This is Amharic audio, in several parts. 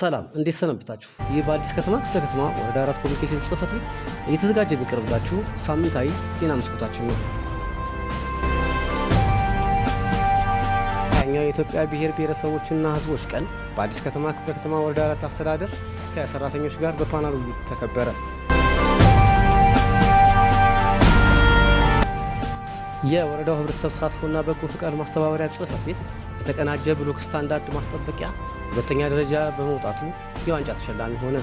ሰላም እንዴት ሰነበታችሁ? ይህ በአዲስ ከተማ ክፍለ ከተማ ወረዳ አራት ኮሚኒኬሽን ጽህፈት ቤት እየተዘጋጀ የሚቀርብላችሁ ሳምንታዊ ዜና መስኮታችን ነው። ኛው የኢትዮጵያ ብሔር ብሔረሰቦችና ህዝቦች ቀን በአዲስ ከተማ ክፍለ ከተማ ወረዳ አራት አስተዳደር ከሰራተኞች ጋር በፓናል ውይይት ተከበረ። የወረዳው ህብረተሰብ ተሳትፎና በጎ ፍቃድ ማስተባበሪያ ጽህፈት ቤት በተቀናጀ ብሎክ ስታንዳርድ ማስጠበቂያ ሁለተኛ ደረጃ በመውጣቱ የዋንጫ ተሸላሚ ሆነ።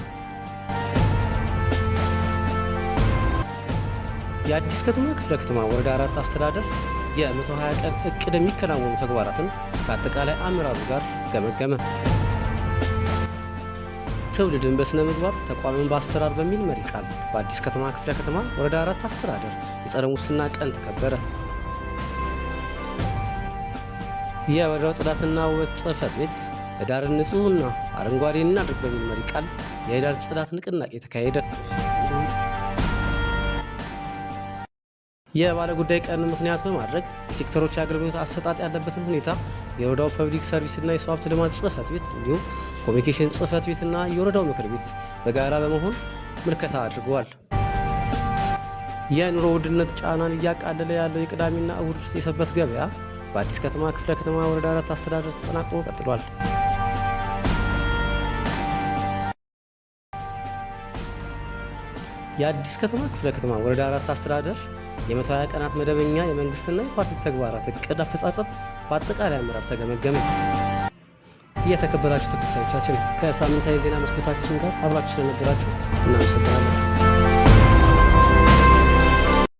የአዲስ ከተማ ክፍለ ከተማ ወረዳ አራት አስተዳደር የ120 ቀን እቅድ የሚከናወኑ ተግባራትን ከአጠቃላይ አመራሩ ጋር ገመገመ። ትውልድን በሥነ ምግባር ተቋምን በአሰራር በሚል መሪ ቃል በአዲስ ከተማ ክፍለ ከተማ ወረዳ አራት አስተዳደር የጸረ ሙስና ቀን ተከበረ። የወረዳው ጽዳትና ውበት ጽፈት ቤት ህዳርን ንጹህና አረንጓዴ እናድርግ በሚል መሪ ቃል የህዳር ጽዳት ንቅናቄ ተካሄደ። የባለ ጉዳይ ቀን ምክንያት በማድረግ የሴክተሮች አገልግሎት አሰጣጥ ያለበትን ሁኔታ የወረዳው ፐብሊክ ሰርቪስና የሰው ሀብት ልማት ጽሕፈት ቤት እንዲሁም ኮሚኒኬሽን ጽህፈት ቤትና የወረዳው ምክር ቤት በጋራ በመሆን ምልከታ አድርገዋል። የኑሮ ውድነት ጫናን እያቃለለ ያለው የቅዳሜና እሁድ የሰበት ገበያ በአዲስ ከተማ ክፍለ ከተማ ወረዳ አራት አስተዳደር ተጠናክሮ ቀጥሏል። የአዲስ ከተማ ክፍለ ከተማ ወረዳ አራት አስተዳደር የ120 ቀናት መደበኛ የመንግስትና የፓርቲ ተግባራት እቅድ አፈጻጸም በአጠቃላይ አመራር ተገመገመ። እየተከበራችሁ ተከታዮቻችን ከሳምንታዊ ዜና መስኮታችን ጋር አብራችሁ ስለነበራችሁ እናመሰግናለን።